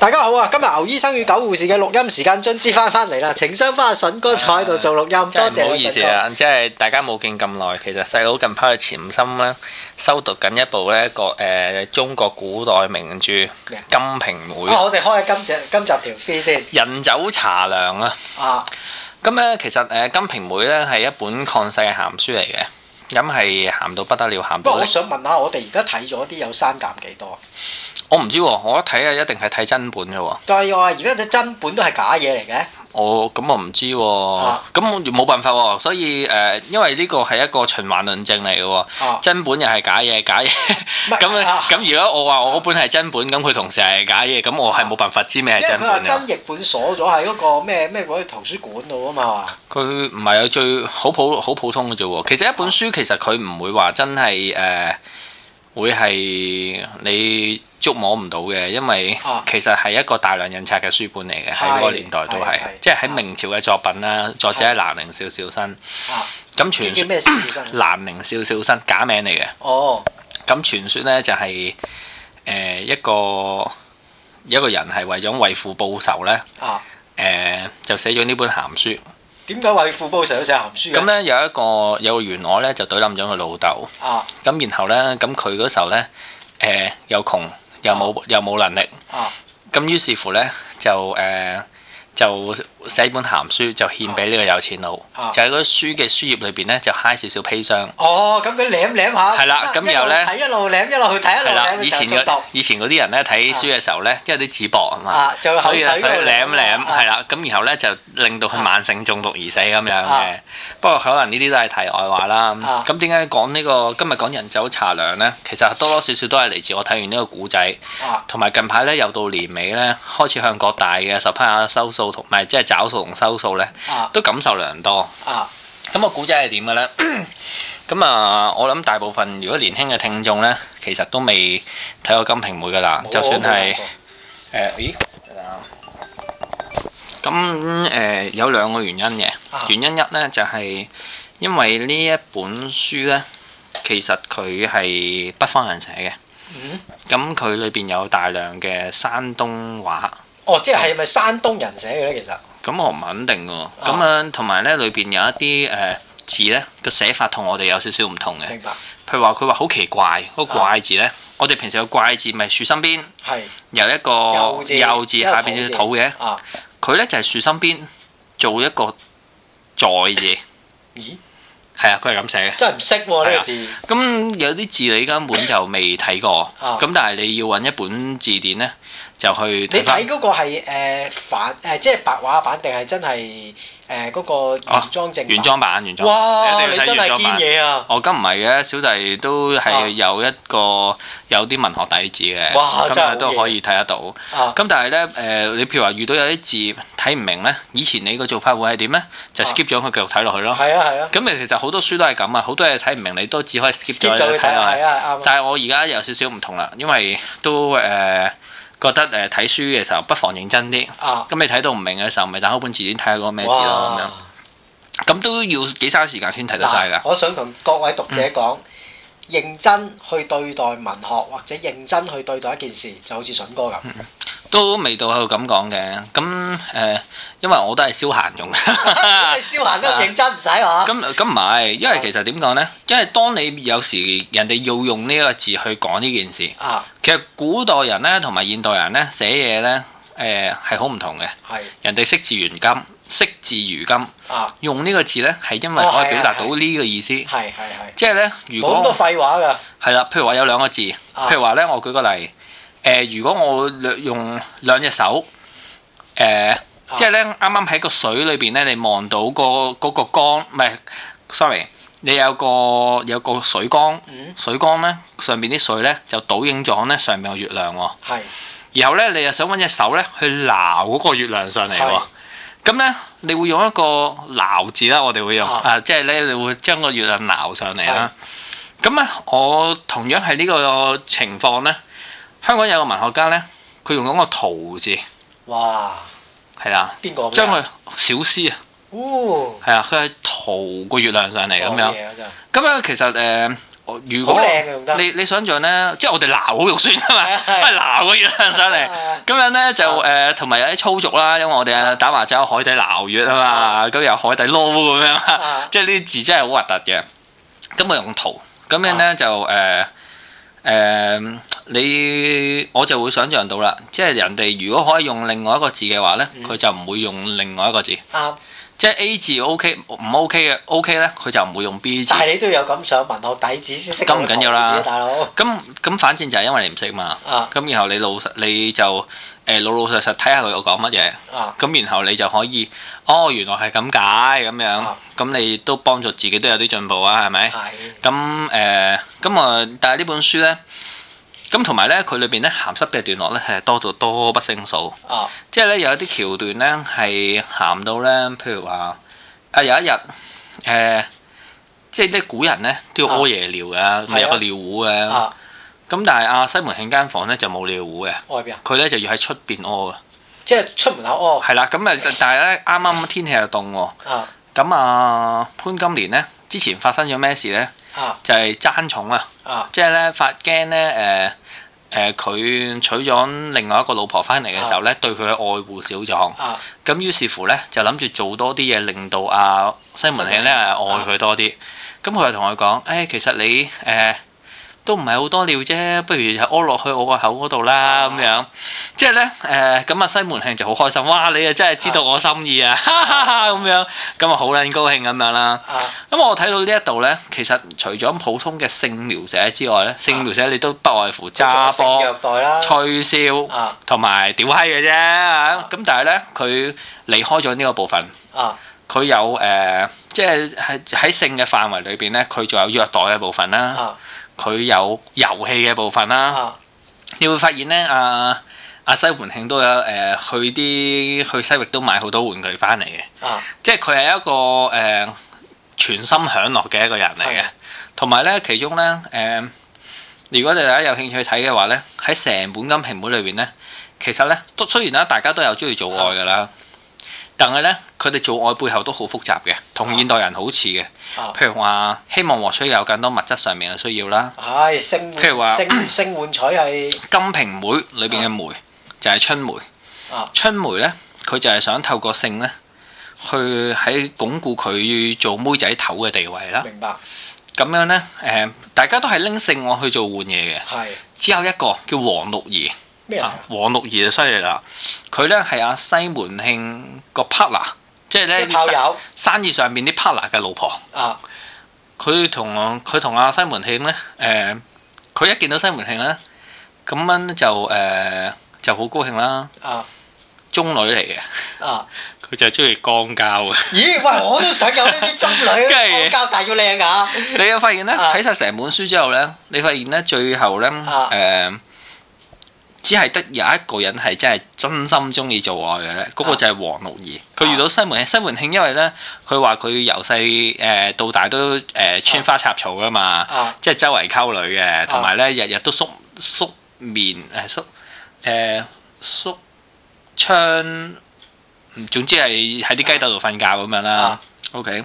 大家好啊！今日牛醫生與狗護士嘅錄音時間樽支翻翻嚟啦，情商翻阿笋哥坐喺度做錄音，的多謝。唔好意思啊，哥即係大家冇見咁耐，其實細佬近排去潛心咧，修讀緊一部咧個誒、呃、中國古代名著《麼金瓶梅》啊。我哋開下今集今集條片先。人走茶涼啊！啊，咁咧其實誒，《金瓶梅》咧係一本曠世嘅鹹書嚟嘅。飲係鹹到不得了，鹹到咧。不過我想問下，我哋而家睇咗啲有刪減幾多我？我唔知喎，我一睇啊，一定係睇真本嘅喎。但係話，而家啲真本都係假嘢嚟嘅。我咁我唔知、啊，咁我冇辦法喎、啊。所以誒、呃，因為呢個係一個循環論證嚟嘅喎，啊、真本又係假嘢，假嘢。咁咁如果我話我本係真本，咁佢、啊、同時係假嘢，咁我係冇辦法知咩係真本。因為佢話真譯本鎖咗喺嗰個咩咩嗰啲圖書館度啊嘛。佢唔係有最好普好普通嘅啫喎。其實一本書其實佢唔會話真係誒。呃會係你捉摸唔到嘅，因為其實係一個大量印刷嘅書本嚟嘅，喺嗰個年代都係，即係喺明朝嘅作品啦。啊、作者係蘭陵笑笑生，咁傳說咩笑笑生？蘭陵笑笑生假名嚟嘅。哦，咁傳說呢就係、是、誒、呃、一個一個人係為咗為父報仇呢誒、啊呃、就寫咗呢本鹹書。點解為富不仁都寫鹹書咁咧？嗯、有一個有一個冤案咧，就懟冧咗佢老豆。啊！咁然後咧，咁佢嗰時候咧，又窮又冇又冇能力。啊！咁於是乎咧就就，呃就寫本鹹書就獻俾呢個有錢佬，啊、就喺嗰書嘅書頁裏邊咧就嗨少少砒霜。哦，咁佢舐舐下。係啦，咁然後咧，係一路舐一路去睇一路舐以前、嗰個、以前嗰啲人咧睇書嘅時候咧，即、啊、因為啲紙薄啊嘛，所以舐舐舐啊所以舐舐係啦，咁、啊、然後咧就令到佢慢性中毒而死咁樣嘅。啊、不過可能呢啲都係題外話啦。咁點解講呢個今日講人走茶涼咧？其實多多少少都係嚟自我睇完呢個、啊、呢個古仔，同埋近排咧又到年尾咧，開始向各大嘅十趴收數同埋即係。找數同收數呢，都感受良多。咁、啊啊、個古仔係點嘅呢？咁啊， 我諗大部分如果年輕嘅聽眾呢，其實都未睇過金的《金瓶梅》噶啦。就算係誒、okay, okay , okay. 呃，咦咁誒、呃、有兩個原因嘅、啊、原因一呢，就係、是、因為呢一本書呢，其實佢係北方人寫嘅。咁佢裏邊有大量嘅山東話。哦，即係係咪山東人寫嘅呢？其實？咁我唔肯定喎，咁樣同埋咧，裏面有一啲誒字咧，個寫法同我哋有少少唔同嘅。明白。譬如話佢話好奇怪，個怪字咧，我哋平時有怪字咪樹身邊，有一個右字下有隻土嘅。佢咧就係樹身邊做一個在字。咦？係啊，佢係咁寫嘅。真係唔識呢個字。咁有啲字你根本就未睇過，咁但係你要揾一本字典咧。就去你睇嗰個係誒版誒，即係白話版定係真係誒嗰個原裝正？原裝版原裝。哇！你真係堅嘢啊！哦，咁唔係嘅，小弟都係有一個有啲文學底子嘅，咁啊都可以睇得到。咁但係咧誒，你譬如話遇到有啲字睇唔明咧，以前你個做法會係點咧？就 skip 咗佢繼續睇落去咯。係啊係啊。咁其實好多書都係咁啊，好多嘢睇唔明，你都只可以 skip 咗去睇啊。但係我而家有少少唔同啦，因為都誒。覺得誒睇、呃、書嘅時候，不妨認真啲。咁、啊、你睇到唔明嘅時候，咪打開本字典睇下嗰個咩字咯。咁樣，咁哇都要幾嘥時間先睇得晒㗎。我想同各位讀者講、嗯。認真去對待文學，或者認真去對待一件事，就好似筍哥咁、嗯，都未到去咁講嘅。咁誒、呃，因為我都係消閒用嘅，消 閒都認真唔使嚇。咁咁唔係，因為其實點講咧？因為當你有時人哋要用呢個字去講呢件事啊，其實古代人咧同埋現代人咧寫嘢咧，誒係好唔同嘅。係的人哋識字原金。惜字如金，啊、用呢個字咧係因為可以表達到呢個意思，係係係，即係咧。如果，咁多廢話噶，係啦。譬如話有兩個字，譬、啊、如話咧，我舉個例，誒、呃，如果我用兩隻手，誒、呃，即係咧，啱啱喺個水裏邊咧、那個，你望到個個光，唔係，sorry，你有個有個水光，水光咧上邊啲水咧就倒映咗咧上面個月亮喎，係、嗯，然後咧你又想揾隻手咧去撈嗰個月亮上嚟喎。嗯嗯咁呢，你會用一個撈字啦，我哋會用，即係呢，就是、你會將個月亮撈上嚟啦。咁呢，我同樣係呢個情況呢。香港有個文學家呢，佢用咗個圖字。哇！係啦，邊個？將佢小詩啊。係、哦、啊，佢係圖個月亮上嚟咁噢樣。咁樣其實、呃如果你你想象呢，即係我哋撈好肉酸啊嘛，係撈個月上嚟，咁樣呢就誒，同埋有啲粗俗啦，因為我哋啊打麻雀海底撈月啊嘛，咁又海底撈，咁樣即係呢啲字真係好核突嘅。咁我用圖，咁樣呢就誒誒，你我就會想象到啦，即係人哋如果可以用另外一個字嘅話呢，佢就唔會用另外一個字。即係 A 字 OK 唔 OK 嘅 OK 咧，佢就唔會用 B 字。但係你都有咁想文，我底子先識咁，唔緊要啦，大佬哥。咁、咁反正就係因為你唔識嘛。咁、啊、然後你老實你就誒老老實實睇下佢講乜嘢。咁、啊、然後你就可以哦，原來係咁解咁樣。咁、啊、你都幫助自己都有啲進步啊，係咪？係是。咁誒咁啊！但係呢本書咧。咁同埋咧，佢裏邊咧鹹濕嘅段落咧係多咗多不勝數。啊！即係咧有一啲橋段咧係鹹到咧，譬如話啊有一日誒、呃，即係啲古人咧都要屙夜尿嘅，啊、咪有個尿壺嘅。咁、啊、但係阿、啊、西門慶間房咧就冇尿壺嘅。外邊佢咧就要喺出邊屙嘅。即係出門口屙。係、哦、啦，咁啊但係咧啱啱天氣又凍喎。咁啊，啊潘金蓮咧之前發生咗咩事咧？就係爭寵啊！即係咧，發驚咧，誒誒，佢、呃呃、娶咗另外一個老婆翻嚟嘅時候咧，啊、對佢嘅愛護少咗。咁、啊、於是乎咧，就諗住做多啲嘢，令到阿、啊、西門慶咧愛佢多啲。咁佢、啊、就同佢講：誒、哎，其實你誒。呃都唔係好多尿啫，不如就屙落去我個口嗰度啦，咁樣即係呢，誒咁啊！就是呃、西門慶就好開心，哇！你啊真係知道我心意啊，咁、啊、樣咁啊好撚高興咁樣啦。咁、啊、我睇到呢一度呢，其實除咗普通嘅性描寫之外咧，啊、性描寫你都不外乎揸波、吹簫同埋屌閪嘅啫，咁但係呢，佢離開咗呢個部分，佢、啊、有誒即係喺性嘅範圍裏邊呢，佢仲有虐待嘅部分啦。啊佢有遊戲嘅部分啦，啊、你會發現咧，阿、啊、阿、啊、西門慶都有誒、呃、去啲去西域都買好多玩具翻嚟嘅，啊、即係佢係一個誒、呃、全心享樂嘅一個人嚟嘅，同埋咧其中咧誒、呃，如果你大家有興趣睇嘅話咧，喺成本金瓶梅裏邊咧，其實咧都雖然啦，大家都有中意做愛噶啦。但係咧，佢哋做愛背後都好複雜嘅，同現代人好似嘅。譬如話，希望獲取有更多物質上面嘅需要啦。係，性。譬如話，性性換彩係金瓶梅裏邊嘅梅就係春梅。春梅咧，佢就係想透過性咧，去喺鞏固佢做妹仔頭嘅地位啦。明白。咁樣咧，誒，大家都係拎性我去做換嘢嘅。係。只有一個叫王六兒。啊，王六兒就犀利啦！佢咧係阿西門慶個 partner，即係咧啲生意上面啲 partner 嘅老婆。啊，佢同佢同阿西門慶咧，誒、呃，佢一見到西門慶咧，咁樣就誒、呃、就好高興啦。啊，中女嚟嘅，啊，佢就係中意肛交嘅。咦，喂，我都想有呢啲中女肛交， 大要靚啊！你又發現咧，睇晒成本書之後咧，你發現咧最後咧，誒、啊。呃只係得有一個人係真係真心中意做愛嘅咧，嗰、嗰個就係王六兒。佢遇到西門慶，西門慶，因為咧佢話佢由細誒到大都誒穿花插草㗎嘛，即係周圍溝女嘅，同埋咧日日都縮縮面誒、呃、縮誒、呃、縮、呃、縮窗，總之係喺啲雞竇度瞓覺咁樣啦。啊、OK。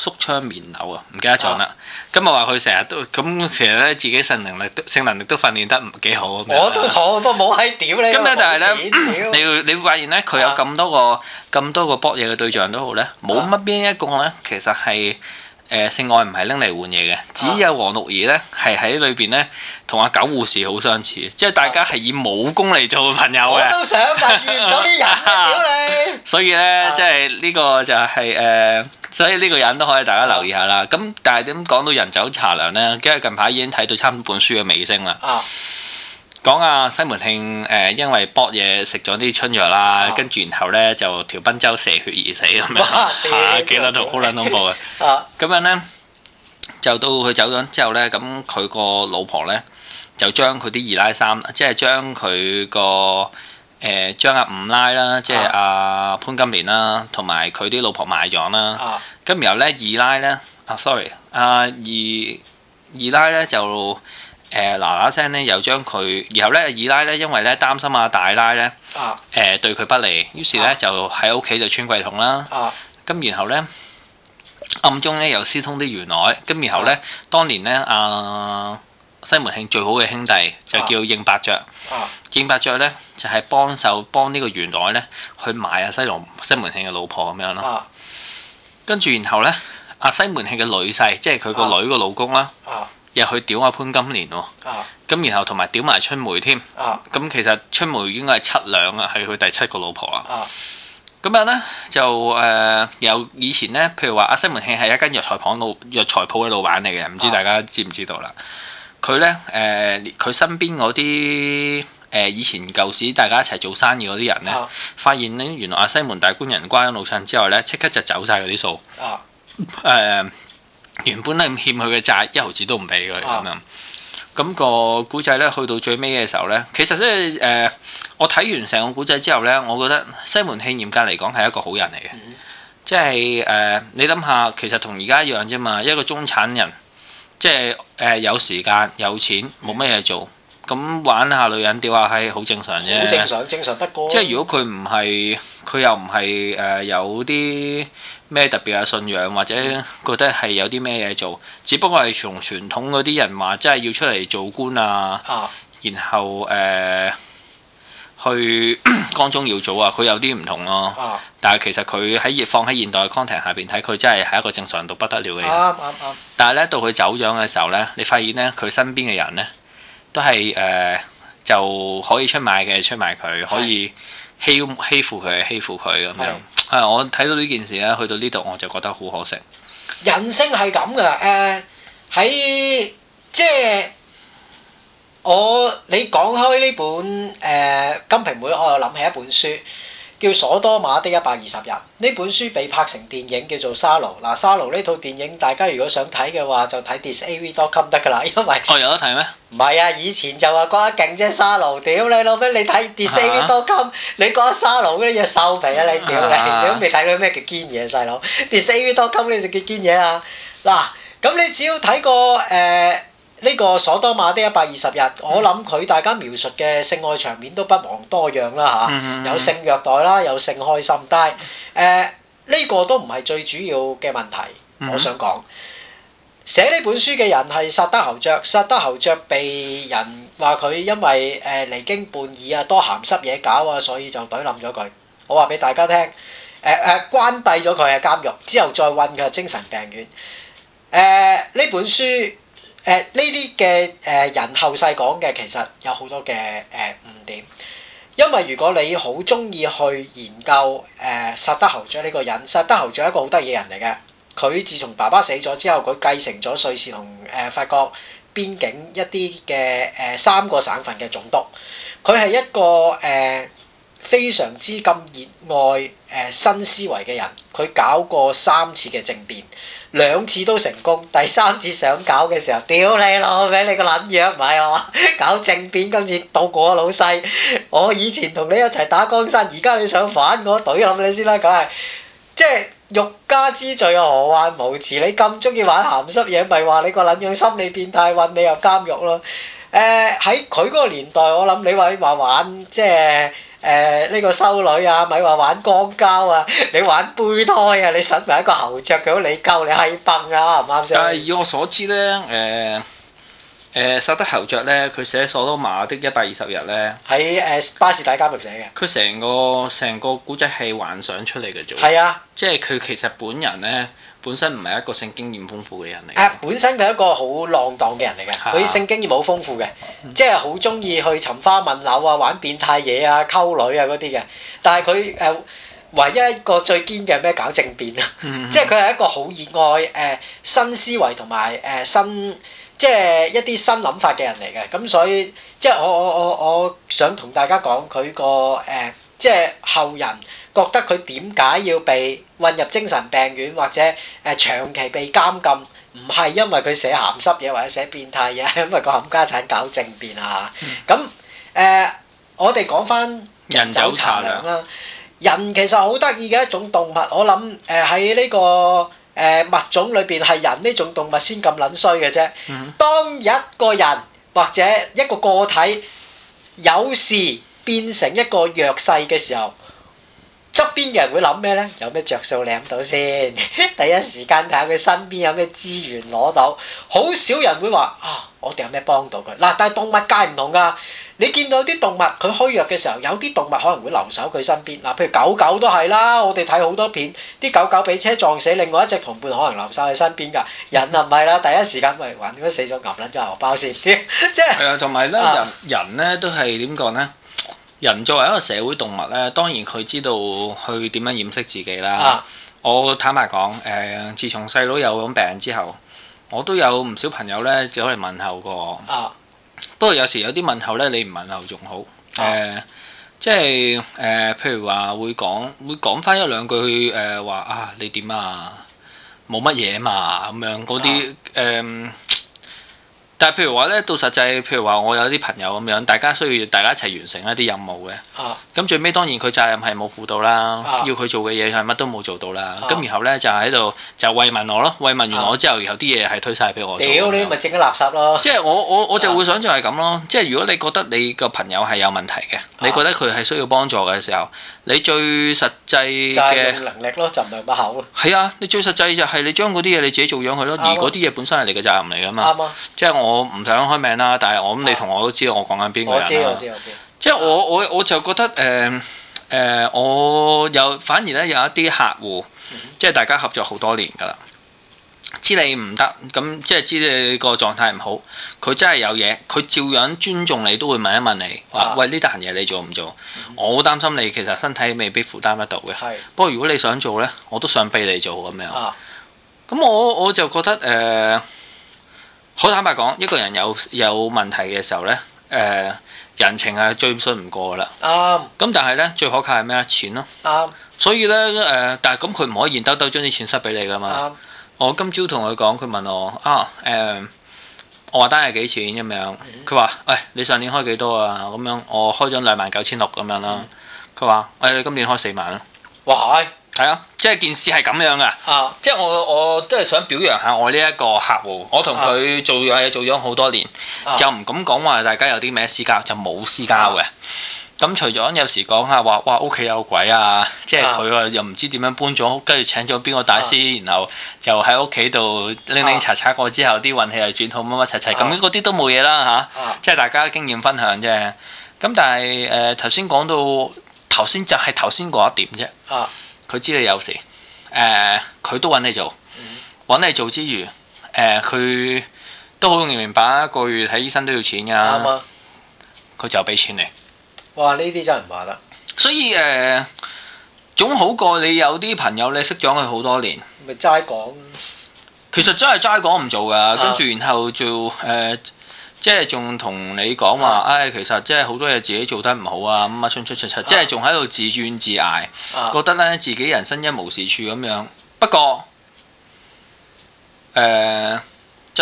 縮窗棉樓啊，唔記得咗啦。今日話佢成日都咁，其實咧自己性能力性能力都訓練得唔幾好。我都好，不過冇閪屌你。咁咧，但係咧，你你會發現咧，佢有咁多個咁多個搏嘢嘅對象都好咧，冇乜邊一個咧，其實係。誒性愛唔係拎嚟換嘢嘅。只有黃六兒咧係喺裏邊咧同阿九護士好相似，即係大家係以武功嚟做朋友嘅。我都想問啊，遇到啲人屌，所以咧，即係呢個就係、是、誒、呃，所以呢個人都可以大家留意一下啦。咁但係點講到人走茶涼咧？因為近排已經睇到差唔多本書嘅尾聲啦。啊講啊，西門慶誒、呃，因為搏嘢食咗啲春藥啦，啊、跟住然後咧就條賓周射血而死咁、 啊啊、樣，幾撚好捻恐怖嘅。咁樣咧就到佢走咗之後咧，咁佢個老婆咧就將佢啲二奶三，即係將佢個誒將阿五奶啦，即係阿、啊、潘金蓮啦，同埋佢啲老婆賣咗啦。咁、啊、然後咧二奶咧，啊 sorry，阿、啊、二二奶咧就。誒，嗱嗱聲咧，又將佢，然後咧二奶咧，因為咧擔心阿大奶咧，誒、啊呃、對佢不利，於是咧、啊、就喺屋企就穿櫃桶啦，咁、啊、然後咧暗中咧又私通啲員外，咁然後咧當年咧阿、啊、西門慶最好嘅兄弟就叫應伯爵。啊、應伯爵咧就係、是、幫手幫呢個員外咧去買阿西龍西門慶嘅老婆咁樣咯，跟住、啊、然後咧阿西門慶嘅女婿，即係佢個女嘅老公啦。啊啊又去屌阿潘金蓮喎，咁、啊、然後同埋屌埋春梅添，咁、啊、其實春梅應該係七兩啊，係佢第七個老婆啊，咁啊呢，就誒，有、呃、以前呢，譬如話阿西門慶係一間藥材鋪藥材鋪嘅老闆嚟嘅，唔知大家知唔知道啦？佢、啊、呢，誒、呃，佢身邊嗰啲誒以前舊時大家一齊做生意嗰啲人呢，啊、發現呢，原來阿西門大官人關咗老襯之後呢，即刻就走晒嗰啲數，誒、啊。呃原本咧欠佢嘅債一毫子都唔俾佢咁樣，咁個古仔咧去到最尾嘅時候咧，其實即係誒，我睇完成個古仔之後咧，我覺得西門慶嚴格嚟講係一個好人嚟嘅，即係誒，你諗下，其實同而家一樣啫嘛，一個中產人，即係誒有時間有錢冇咩嘢做，咁玩下女人吊下閪，哎、好正常啫。正常正常得過即是，即係如果佢唔係佢又唔係誒有啲。咩特別嘅信仰，或者覺得係有啲咩嘢做，只不過係從傳統嗰啲人話，真係要出嚟做官啊，啊然後誒、呃、去 光宗耀祖啊，佢有啲唔同咯。但係其實佢喺放喺現代嘅 context 下邊睇，佢真係係一個正常到不得了嘅人。啊啊、但係呢，到佢走咗嘅時候呢，你發現呢，佢身邊嘅人呢，都係誒、呃、就可以出賣嘅出賣佢，可以。欺負他欺負佢欺負佢咁樣，啊是、嗯！我睇到呢件事咧，去到呢度我就覺得好可惜。人性係咁嘅，誒、呃、喺即係我你講開呢本誒、呃《金瓶梅》，我又諗起一本書。叫索多瑪的一百二十人呢本書被拍成電影叫做沙羅嗱沙羅呢套電影大家如果想睇嘅話就睇 thisav.com 得㗎啦，因為我有得睇咩？唔係啊，以前就話瓜得勁啫沙羅，屌你老咩！你睇 thisav.com，你講沙羅嗰啲嘢收皮啊你屌你，你都未睇過咩叫堅嘢細佬，thisav.com 你就叫堅嘢啊！嗱，咁你只要睇過誒。呃呢個索多瑪的一百二十日，嗯、我諗佢大家描述嘅性愛場面都不遑多讓啦嚇、嗯嗯，有性虐待啦，有性開心，但係誒呢個都唔係最主要嘅問題。嗯、我想講寫呢本書嘅人係薩德侯爵，薩德侯爵被人話佢因為誒離經叛義啊，多鹹濕嘢搞啊，所以就懟冧咗佢。我話俾大家聽，誒、呃、誒關閉咗佢嘅監獄，之後再運佢精神病院。誒、呃、呢本書。誒呢啲嘅誒人後世講嘅其實有好多嘅誒誤點，因為如果你好中意去研究誒薩德侯爵呢個人，薩德侯爵係一個好得意嘅人嚟嘅。佢自從爸爸死咗之後，佢繼承咗瑞士同誒法國邊境一啲嘅誒三個省份嘅總督。佢係一個誒非常之咁熱愛誒新思維嘅人，佢搞過三次嘅政變。兩次都成功，第三次想搞嘅時候，屌你老味！你個撚樣唔係我搞政變，今次到我老細。我以前同你一齊打江山，而家你想反我隊，諗你先啦，梗係即係欲加之罪何患無辭？你咁中意玩鹹濕嘢，咪話你個撚樣心理變態，運你入監獄咯。誒、呃，喺佢嗰個年代，我諗你話你話玩即係。誒呢、呃呢個修女啊，咪話玩光膠啊，你玩背胎啊，你殺埋一個侯爵，佢好，你救，你閪笨啊，啱唔啱先？但係以我所知咧，誒、呃、誒、呃、薩德侯爵咧，佢寫所《索多瑪的一百二十日》咧，喺誒、呃、巴士底監獄寫嘅。佢成個成個古仔係幻想出嚟嘅啫。係是啊，即係佢其實本人咧。本身唔係一個性經驗豐富嘅人嚟、啊，誒本身係一個好浪蕩嘅人嚟嘅，佢、啊、性經驗好豐富嘅，即係好中意去尋花問柳啊、玩變態嘢啊、溝女啊嗰啲嘅。但係佢誒唯一一個最堅嘅係咩？搞政變啊！即係佢係一個好熱愛誒、呃、新思維同埋誒新即係、就是、一啲新諗法嘅人嚟嘅。咁所以即係、就是、我我我我想同大家講佢個誒即係後人。覺得佢點解要被混入精神病院，或者誒長期被監禁，唔係因為佢寫鹹濕嘢或者寫變態嘢，因為個冚家產搞政變啊。咁誒、嗯呃，我哋講翻人走茶涼啦。人其實好得意嘅一種動物，我諗誒喺呢個誒物、呃、種裏邊係人呢種動物先咁撚衰嘅啫。嗯、當一個人或者一個個體有時變成一個弱勢嘅時候。側邊嘅人會諗咩咧？有咩著數領到先？第一時間睇下佢身邊有咩資源攞到。好少人會話啊！我哋有咩幫到佢嗱？但係動物界唔同噶，你見到啲動物佢虛弱嘅時候，有啲動物可能會留守佢身邊嗱，譬如狗狗都係啦。我哋睇好多片，啲狗狗俾車撞死，另外一隻同伴可能留守喺身邊㗎。人呀唔係啦，第一時間咪揾嗰死咗牛撚咗荷包先，即係。係啊，同埋咧，人人咧都係點講咧？人作為一個社會動物咧，當然佢知道去點樣掩飾自己啦。啊、我坦白講，誒、呃，自從細佬有咗病之後，我都有唔少朋友咧，只可以問候過。啊、不過有時有啲問候咧，你唔問候仲好。誒、啊呃，即係誒、呃，譬如話會講會講翻一兩句誒，話、呃、啊，你點啊？冇乜嘢嘛，咁樣嗰啲誒。但係譬如話咧，到實際，譬如話我有啲朋友咁樣，大家需要大家一齊完成一啲任務嘅。咁、啊、最尾當然佢責任係冇輔導啦，啊、要佢做嘅嘢係乜都冇做到啦。咁、啊、然後咧就喺度就慰問我咯，慰問完我之後，然後啲嘢係推晒俾我。屌你咪整啲垃圾咯！即係我我我就會想象係咁咯。即係如果你覺得你個朋友係有問題嘅，啊、你覺得佢係需要幫助嘅時候，你最實際嘅能力咯，就唔係不得口。係啊，你最實際就係你將嗰啲嘢你自己做樣佢咯。啊、而嗰啲嘢本身係你嘅責任嚟㗎嘛。即、啊、我。我唔想開名啦，但係我諗你同我都知道我講緊邊個、啊、我知我知我知。即係我我我就覺得誒誒、呃呃，我有反而咧有一啲客戶，嗯、哼即係大家合作好多年噶啦，知你唔得咁，即係知你個狀態唔好，佢真係有嘢，佢照樣尊重你，都會問一問你話、啊、喂，呢單嘢你做唔做？嗯、哼我好擔心你其實身體未必負擔得到嘅。是不過如果你想做咧，我都想俾你做咁樣。啊，咁我我就覺得誒。呃好坦白講，一個人有有問題嘅時候呢，誒、呃，人情係最信唔過啦。咁、啊、但係呢，最可靠係咩咧？錢咯、啊。啊、所以呢，誒、呃，但係咁佢唔可以現兜兜將啲錢塞俾你噶嘛。啊、我今朝同佢講，佢問我啊，誒、呃，我話單係幾錢咁樣？佢話、嗯喂，你上年開幾多啊？咁樣，我開咗兩萬九千六咁樣啦。佢話、嗯，誒、哎，你今年開四萬啊？哇！係啊，即係件事係咁樣啊。即係我我都係想表揚下我呢一個客戶，我同佢做嘢做咗好多年，就唔敢講話大家有啲咩私交就冇私交嘅。咁除咗有時講下話，哇屋企有鬼啊，即係佢啊又唔知點樣搬咗屋，跟住請咗邊個大師，然後就喺屋企度拎拎查查過之後，啲運氣又轉好乜乜七七，咁嗰啲都冇嘢啦嚇，即係大家經驗分享啫。咁但係誒頭先講到頭先就係頭先嗰一點啫。佢知你有事，誒、呃、佢都揾你做，揾、嗯、你做之餘，誒、呃、佢都好容易明白，一個月睇醫生都要錢噶，啱，佢、啊、就俾錢給你。哇！呢啲真係唔話得，所以誒、呃、總好過你有啲朋友你識咗佢好多年，咪齋講。其實真係齋講唔做噶。跟住、啊、然後做。誒、呃。即係仲同你講話，唉、啊哎，其實即係好多嘢自己做得唔好啊，乜出出出出，啊啊啊啊、即係仲喺度自怨自艾，啊、覺得呢自己人生一無是處咁樣。不過，誒、呃。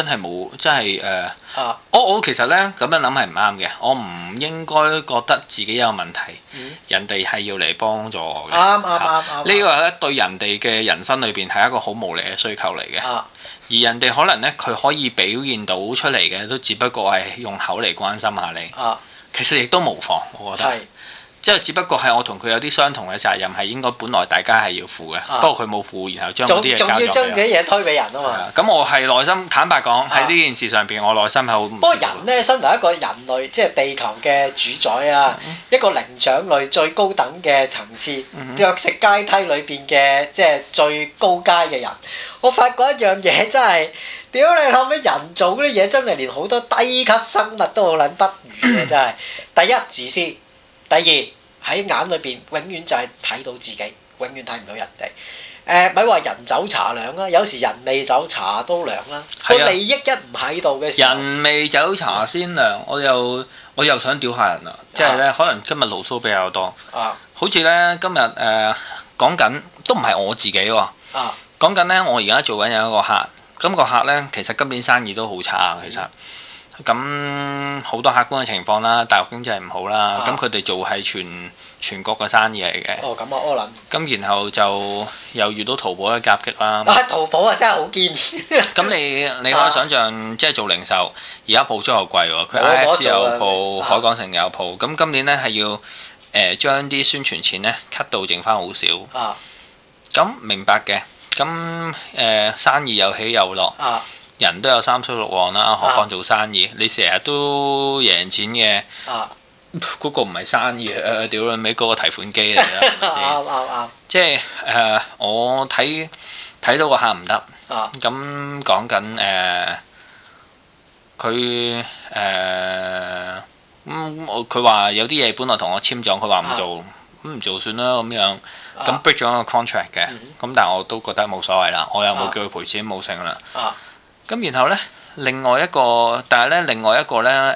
真係冇，真係誒，呃啊、我我其實呢，咁樣諗係唔啱嘅，我唔應該覺得自己有問題，嗯、人哋係要嚟幫助我嘅，啱啱啱，啊啊、個呢個咧對人哋嘅人生裏面係一個好無理嘅需求嚟嘅，啊、而人哋可能呢，佢可以表現到出嚟嘅，都只不過係用口嚟關心下你，啊、其實亦都無妨，我覺得。即係只不過係我同佢有啲相同嘅責任，係應該本來大家係要負嘅。啊、不過佢冇負，然後將啲嘢仲要將啲嘢推俾人啊嘛！咁、啊、我係內心坦白講，喺呢件事上邊，啊、我內心係好唔舒服。不過人咧，身為一個人類，即係地球嘅主宰啊，嗯、一個靈長類最高等嘅層次，弱、嗯嗯、食階梯裏邊嘅即係最高階嘅人，我發覺一樣嘢真係，屌你後屘人做嗰啲嘢，真係連好多低級生物都好撚不如嘅、嗯、真係。第一自私，第二。喺眼裏邊，永遠就係睇到自己，永遠睇唔到人哋。誒、呃，咪話人走茶涼啦，有時人未走茶都涼啦。個、啊、利益一唔喺度嘅時候，人未走茶先涼。我又我又想屌下人啦，即係咧，啊、可能今日牢騷比較多。啊，好似咧今日誒講緊都唔係我自己喎。啊，講緊咧，我而家做緊有一個客，今、咁個客咧其實今年生意都好差，啊、其實。咁好多客觀嘅情況啦，大陸經濟係唔好啦。咁佢哋做係全全國嘅生意嚟嘅。哦，咁啊，柯咁然後就又遇到淘寶嘅夾擊啦、啊。淘寶啊，真係好堅。咁 你你可以想像，啊、即係做零售，而家鋪租又貴喎。佢喺西九又鋪、海港城又鋪。咁今年呢係要、呃、將啲宣傳錢呢 cut 到剩翻好少。咁、啊、明白嘅，咁、呃、生意又起又落。啊人都有三衰六旺啦，何況做生意？你成日都贏錢嘅，嗰個唔係生意，屌你咪嗰個提款機嚟嘅，係咪先？即係誒，我睇睇到個客唔得，咁講緊誒，佢誒咁我佢話有啲嘢本來同我簽賬，佢話唔做，咁唔做算啦咁樣，咁逼咗個 contract 嘅，咁但我都覺得冇所謂啦，我又冇叫佢賠錢冇剩啦。咁然後呢，另外一個，但係呢，另外一個呢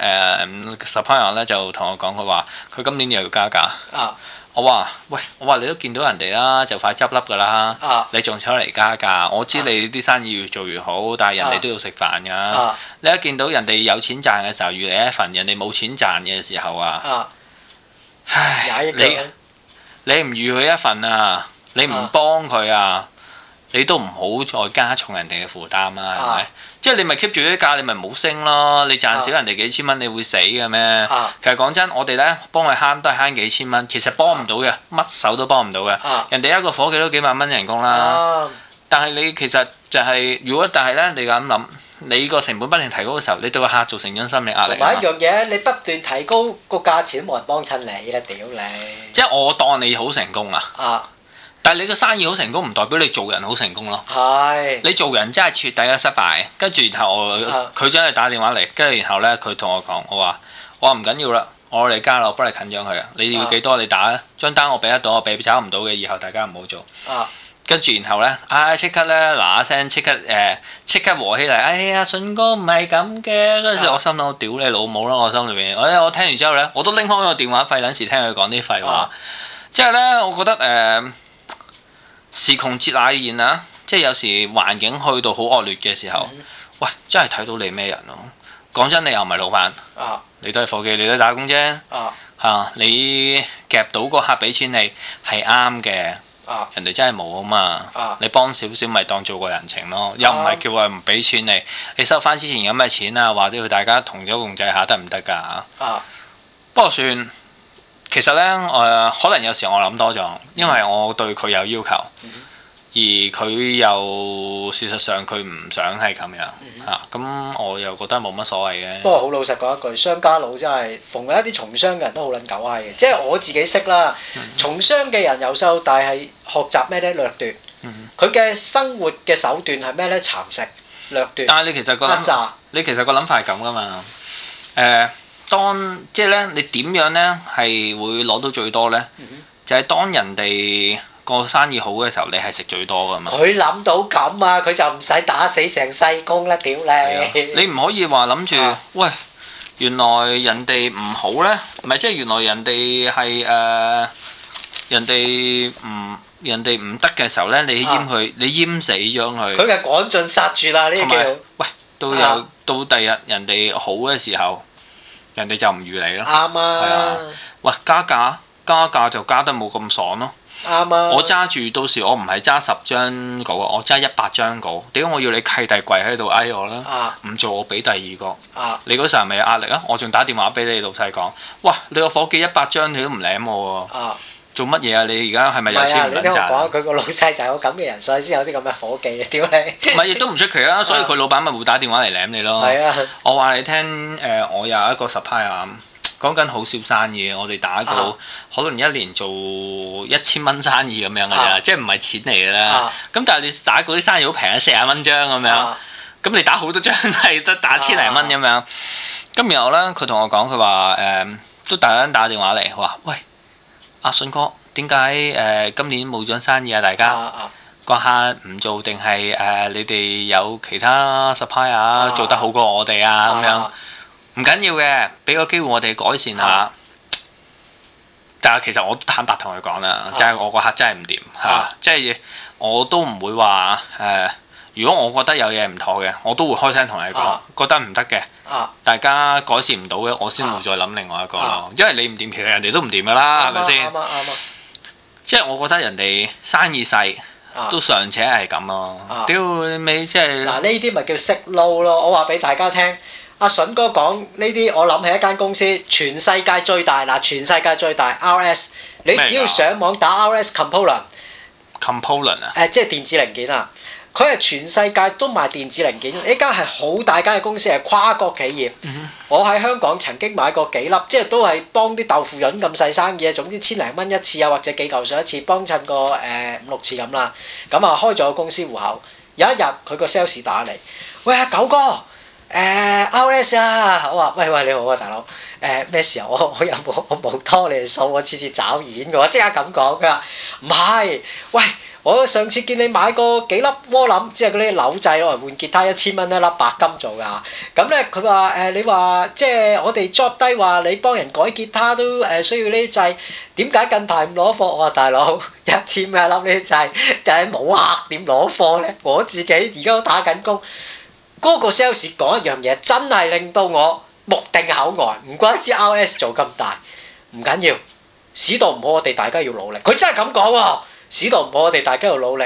誒，supplier、呃、呢就同我講佢話，佢今年又要加價。啊、我話：喂，我話你都見到人哋啦，就快執笠噶啦。啊、你仲想嚟加價？我知你啲生意越做越好，啊、但係人哋都要食飯噶。啊、你一見到人哋有錢賺嘅時候，預你一份；人哋冇錢賺嘅時候啊，啊唉！你你唔預佢一份啊？你唔幫佢啊？啊啊你都唔好再加重人哋嘅負擔啦，係咪？啊、即係你咪 keep 住啲價，你咪唔好升咯。你賺少人哋幾千蚊，你會死嘅咩？啊、其實講真，我哋咧幫佢慳都係慳幾千蚊，其實幫唔到嘅，乜、啊、手都幫唔到嘅。啊、人哋一個伙計都幾萬蚊人工啦，啊、但係你其實就係、是、如果但係咧，你咁諗，你個成本不停提高嘅時候，你對個客造成咗心理壓力。同一樣嘢，你不斷提高個價錢，冇人幫襯你啦，屌你！即係我當你好成功啊！啊但係你個生意好成功，唔代表你做人好成功咯。的你做人真係徹底嘅失敗。跟住然後佢真係打電話嚟，跟住然後咧佢同我講，我話我話唔緊要啦，我哋加落幫你近養佢啊。你要幾多的你打咧，張單我俾得到，我俾找唔到嘅，以後大家唔好做。跟住的然後咧，唉、哎，即刻咧嗱嗱聲，即刻誒，即刻，刻，呃、刻和起嚟。哎呀，順哥唔係咁嘅，嗰時我心諗的我，我屌你老母啦，我心裏邊。我聽聽完之後咧，我都拎開個電話費，等陣時聽佢講啲廢話，的即係咧，我覺得誒。呃時窮節乃現啊！即係有時環境去到好惡劣嘅時候，喂，真係睇到你咩人咯？講真，你又唔係老闆，啊，你都係伙計，你都係打工啫。吓，你夾到個客俾錢你係啱嘅，人哋真係冇啊嘛，啊你幫少少咪當做個人情咯，又唔係叫佢唔俾錢你，你收翻之前有咩錢啊，或者要大家同咗共濟下得唔得噶？行不行啊，不過、啊、算。其實咧，誒，可能有時候我諗多咗，因為我對佢有要求，而佢又事實上佢唔想係咁樣吓，咁，嗯哼啊，我又覺得冇乜所謂嘅。不過好老實講一句，商家佬真係逢一啲從商嘅人都好撚狗閪嘅，即係我自己識啦，嗯，哼從商嘅人又收，但係學習咩咧掠奪，佢嘅，嗯，哼生活嘅手段係咩咧蠶食掠奪。但係你其實個詐你其實個諗法係咁噶嘛？誒、呃。當即係咧，你點樣咧係會攞到最多咧？就係當人哋個生意好嘅時候，你係食最多㗎嘛？佢諗到咁啊！佢就唔使打死成世工啦，屌你！你唔可以話諗住，喂，原來人哋唔好咧，唔係即係原來人哋係誒，人哋唔，人哋唔得嘅時候咧，你閹佢，你閹死咗佢。佢係趕盡殺絕啦！呢啲叫喂，到，到第日人哋好嘅時候，人哋就唔預你咯，係啊，啊，喂，加價加價就加得冇咁爽咯，啱啊！啊我揸住到時我唔係揸十張稿啊，我揸一百張稿，點解我要你契弟跪喺度挨我啦？唔、啊、做我俾第二個，啊、你嗰陣咪有壓力啊！我仲打電話俾你老細講，哇！你個伙計一百張佢都唔領我喎，啊。啊做乜嘢啊？你而家係咪有錢搵賺、啊？佢個、啊、老細就係個咁嘅人，所以先有啲咁嘅夥計。屌你！唔係亦都唔出奇啊！所以佢老闆咪會打電話嚟舐你咯。係啊！我話你聽，誒、呃，我有一個十派啊，講緊好少生意，我哋打一、啊、可能一年做一千蚊生意咁樣嘅啫，即係唔係錢嚟嘅啦。咁但係你打嗰啲生意好平，四十蚊張咁樣，咁你打好多張都係得打千零蚊咁樣。咁然後咧，佢同我講，佢話誒都突然打電話嚟，話喂。阿、啊、信哥，點解誒今年冇咗生意啊？大家個、啊啊、客唔做定係誒？你哋有其他 supplier 啊做得好過我哋啊？咁、啊、樣唔緊要嘅，俾、啊啊、個機會我哋改善下。啊、但係其實我都坦白同佢講啦，就係、啊、我個客真係唔掂吓，即係、啊啊、我都唔會話誒。呃如果我覺得有嘢唔妥嘅，我都會開聲同你講，啊、覺得唔得嘅，啊、大家改善唔到嘅，我先會再諗另外一個咯。啊、因為你唔掂，其實人哋都唔掂噶啦，係咪先？啱啊啱啊！嗎即係我覺得人哋生意細，都尚且係咁咯。屌你！即係嗱，呢啲咪叫識撈咯！我話俾大家聽，阿筍哥講呢啲，我諗起一間公司，全世界最大嗱，全世界最大 RS，你只要上網打 RS component，component 啊？誒，即係電子零件啊！佢係全世界都賣電子零件，呢間係好大間嘅公司，係跨國企業。嗯、哼我喺香港曾經買過幾粒，即係都係幫啲豆腐潤咁細生意，總之千零蚊一次啊，或者幾嚿水一次，幫襯過誒、欸、五六次咁啦。咁啊開咗個公司戶口，有一日佢個 sales 打嚟，喂啊九哥，誒、欸、R S 啊， 我話喂，喂你好啊大佬，誒、呃、咩事啊？我我又冇我冇拖你數，我次次找演我即刻咁講，佢話唔係，喂。我上次見你買過幾粒鑊諗，即係嗰啲扭掣攞嚟換吉他，一千蚊一粒白金做㗎。咁呢佢話誒，你話即係我哋 drop 低話你幫人改吉他都誒需要呢啲掣，點解近排唔攞貨？我話，大佬？一千蚊一粒呢啲掣，但係冇客，點攞貨呢？我自己而家都打緊工。嗰個 sales 講一樣嘢，真係令到我目定口呆，唔怪得之 RS 做咁大，唔緊要，市道唔好，我哋大家要努力。佢真係咁講喎。市道唔好，我哋大家又努力。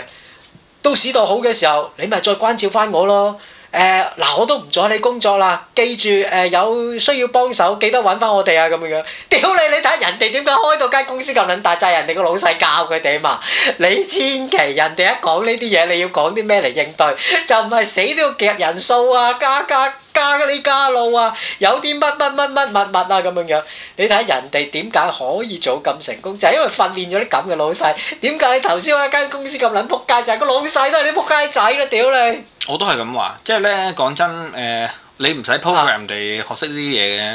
到市道好嘅時候，你咪再關照翻我咯。誒、呃，嗱，我都唔阻你工作啦。記住，誒、呃，有需要幫手，記得揾翻我哋啊，咁樣屌你，你睇人哋點解開到間公司咁撚大，就係人哋個老細教佢哋啊嘛。你千祈人哋一講呢啲嘢，你要講啲咩嚟應對，就唔係死都要夾人數啊，加加。加嘅你加路啊，有啲乜乜乜乜物物啊咁樣樣。你睇下人哋點解可以做咁成功，就係、是、因為訓練咗啲咁嘅老細。點解你頭先話間公司咁撚仆街，就係、是、個老細都係啲仆街仔咯，屌你！我都係咁話，即係咧講真誒、呃，你唔使 program 哋、啊、學識呢啲嘢嘅。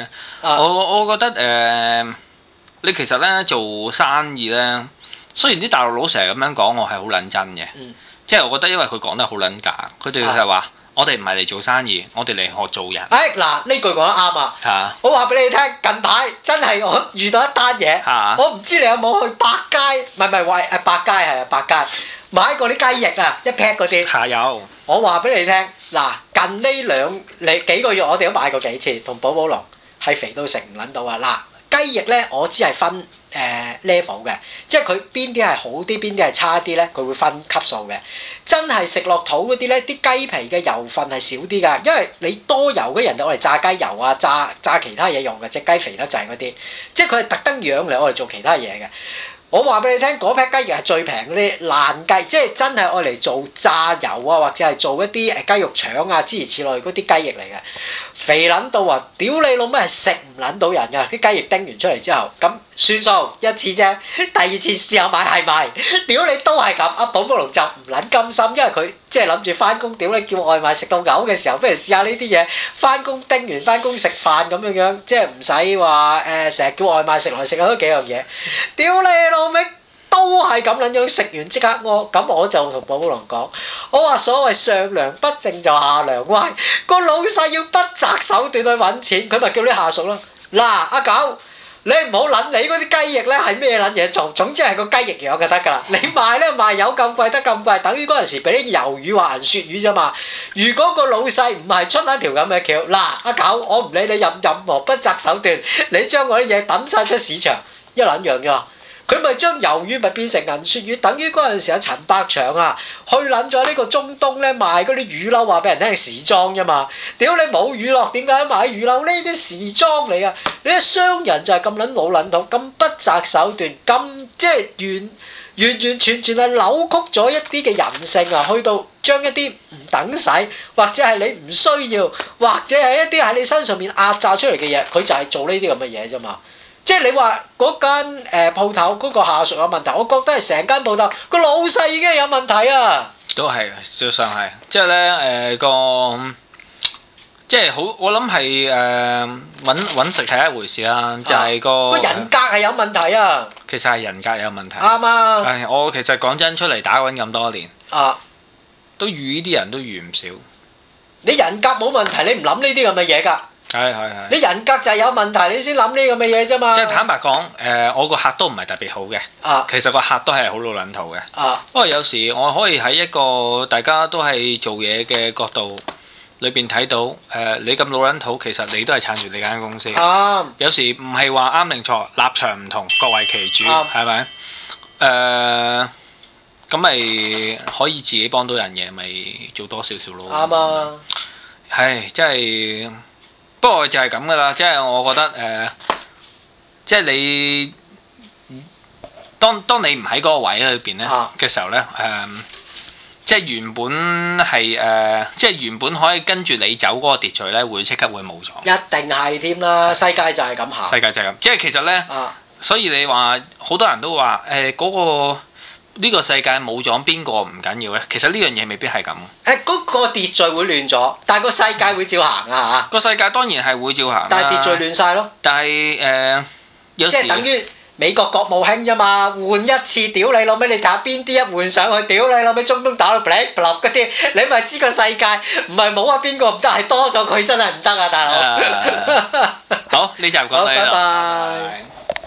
啊、我我覺得誒、呃，你其實咧做生意咧，雖然啲大陸佬成日咁樣講，我係好撚真嘅。嗯，即係我覺得，因為佢講得好撚假，佢哋係話。啊我哋唔係嚟做生意，我哋嚟學做人。哎，嗱，呢句講得啱啊！我話俾你聽，近排真係我遇到一單嘢。啊、我唔知道你有冇去百佳，唔係唔係，喂，誒，百佳係啊，百佳買過啲雞翼啊，一劈 a c 嗰啲。有。我話俾你聽，嗱，近呢兩你幾個月，我哋都買過幾次，同寶寶龍係肥都到食唔捻到啊！嗱，雞翼咧，我只係分。誒、uh, level 嘅，即係佢邊啲係好啲，邊啲係差啲咧？佢會分級數嘅。真係食落肚嗰啲咧，啲雞皮嘅油份係少啲㗎，因為你多油嘅人就愛嚟炸雞油啊，炸炸其他嘢用嘅。隻雞肥得滯嗰啲，即係佢係特登養嚟我嚟做其他嘢嘅。我話俾你聽，嗰批雞翼係最平嗰啲爛雞，即係真係愛嚟做炸油啊，或者係做一啲誒雞肉腸啊，諸如此類嗰啲雞翼嚟嘅，肥撚到啊！屌你老母係食唔撚到人㗎，啲雞翼叮完出嚟之後咁。算數一次啫，第二次試下買係咪？屌你都係咁，阿寶寶龍就唔捻甘心，因為佢即係諗住翻工，屌你叫外賣食到嘔嘅時候，不如試下呢啲嘢。翻工叮完翻工食飯咁樣樣，即係唔使話誒，成、呃、日叫外賣食來食去都幾樣嘢。屌你老味，都係咁捻樣，食完即刻屙。咁我就同寶寶龍講，我話所謂上梁不正就下梁歪，個老細要不擇手段去揾錢，佢咪叫你下屬啦。嗱，阿九。你唔好諗，你嗰啲雞翼呢係咩撚嘢做？總之係個雞翼樣就得㗎喇。你賣呢，賣有咁貴得咁貴，等於嗰陣時俾啲魷魚話人雪魚咋嘛？如果個老細唔係出嗰條咁嘅橋，嗱、啊，阿九，我唔理你任任何不擇手段，你將嗰啲嘢抌晒出市場，一撚樣㗎。佢咪將魷魚咪變成銀鱈魚，等於嗰陣時阿陳百祥啊去撚咗呢個中東呢賣嗰啲魚褸話俾人聽係時裝啫嘛！屌你冇魚落，點解買魚褸呢啲時裝嚟啊？你啲商人就係咁撚老撚到，咁不擇手段，咁即係完完完全全係扭曲咗一啲嘅人性啊！去到將一啲唔等使或者係你唔需要或者係一啲喺你身上面壓榨出嚟嘅嘢，佢就係做呢啲咁嘅嘢啫嘛～即係你話嗰間誒鋪頭嗰個下屬有問題，我覺得係成間鋪頭個老細已經有問題啊！都係，最上係即係咧誒個，即係好我諗係誒搵食係一回事啦，就係、是、個個、啊、人格係有問題啊！其實係人格有問題，啱啊吧、哎！我其實講真出來，出嚟打滾咁多年啊，都遇呢啲人都遇唔少。你人格冇問題，你唔諗呢啲咁嘅嘢㗎。系系系，對對對，你人格就係有問題，你先諗呢咁嘅嘢啫嘛。即係坦白講，誒、呃，我個客都唔係特別好嘅，啊，其實個客都係好老撚土嘅，啊，不過有時我可以喺一個大家都係做嘢嘅角度裏邊睇到，誒、呃，你咁老撚土，其實你都係撐住你間公司，啱、啊。有時唔係話啱定錯，立場唔同，各為其主，係咪、啊？誒，咁、呃、咪可以自己幫到人嘅咪做多，多少少咯，啱啊。係，真係。就是不過就係咁噶啦，即係我覺得誒，即係你當當你唔喺嗰個位裏邊咧嘅時候咧，誒，啊，即係原本係誒，即係原本可以跟住你走嗰個秩序咧，會即刻會冇咗。一定係添啦，世界就係咁行。世界就係咁，即係其實咧，啊，所以你話好多人都話誒嗰個。呢個世界冇咗邊個唔緊要咧，其實呢樣嘢，未必係咁。誒，嗰個秩序會亂咗，但係個世界會照行啊吓。個世界當然係會照行的，但係秩序亂晒咯。但係誒，呃、有即係等於美國國務卿咋嘛，換一次屌你老味，你打下邊啲一換上去屌你老味，中東打到 black black 嗰啲，你咪知個世界唔係冇啊邊個唔得，係多咗佢真係唔得啊大佬。好，呢集講到呢度，拜拜。